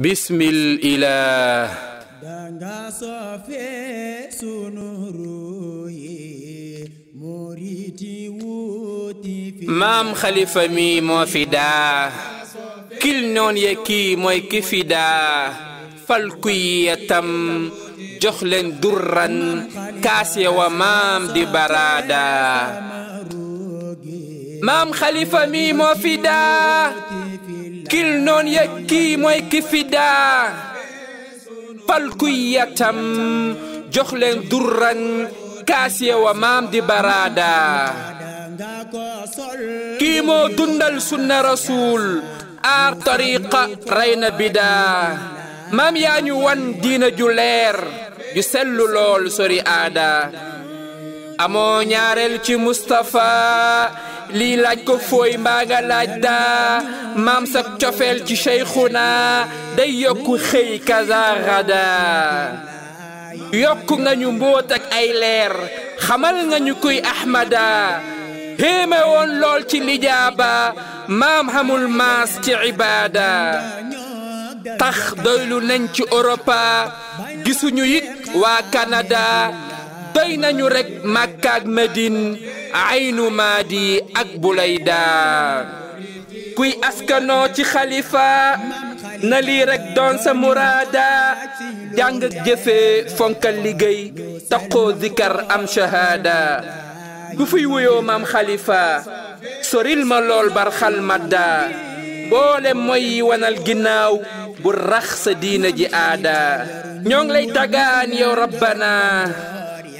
بسم الإله مام خليفة مي موفدا كل نون يكي موي كفدا فالكي يتم جخلن درا كاسي ومام دي برادا maam xalifa mi moo fi kil noon ya kii mooy ki fi daa fal kuy yatam jox leen durran kaasiye wa maam di baraada kii moo dundal sunna rasuul aar tariqa reyna bidaa maam yaa ñu wan diina ju leer ju sellu lool sori aada amoo ñaareel ci Mustapha lii laaj ko fooy mbaa nga laaj daa maam sa cofeel ci Seyxuna day yokku xëy kaza rada yokku nga ñu mbóot ay leer xamal nga ñu kuy Ahmada héeme woon lool ci lijaaba maam xamul maas ci ibaada tax doylu nañ ci Europa gisuñu it waa Canada doy nañu rek Makka ak Madine aynu maadi ak bulayda kuy askanoo ci xalifa na lii rek doon sa muraada jàng ak jëfee fonkal liggéey taqoo zikar am shahaada ku fiy wuyoo maam xalifa soril ma lool barxal madda boole mooy yi wanal ginnaaw bu rax sa diina ji aada ñoo ngi lay tagaan yow rabbana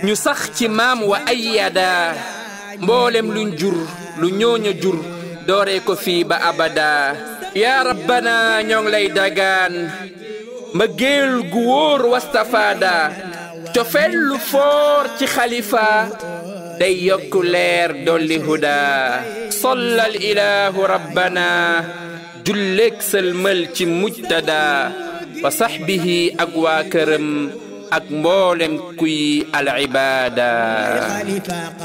ñu sax ci maam wa ayyada mboolem luñ jur lu ñooña jur dooree ko fii ba abada yaa rabbana ñoo ngi lay dagaan mbëggeel gu wóor wastafaada cofeel lu foor ci xalifa day yokk leer dolli huda sollal ilaahu rabbana julleeg sëlmal ci mujtada wa saxbihi ak waa këram ak mbollem kuy al ibaada